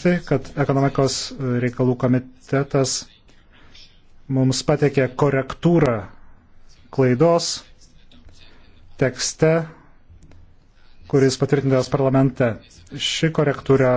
pamiršti, kad ekonomikos reikalų komitetas mums patekė korektūrą klaidos tekste, kuris patvirtintas parlamente. Ši korektūra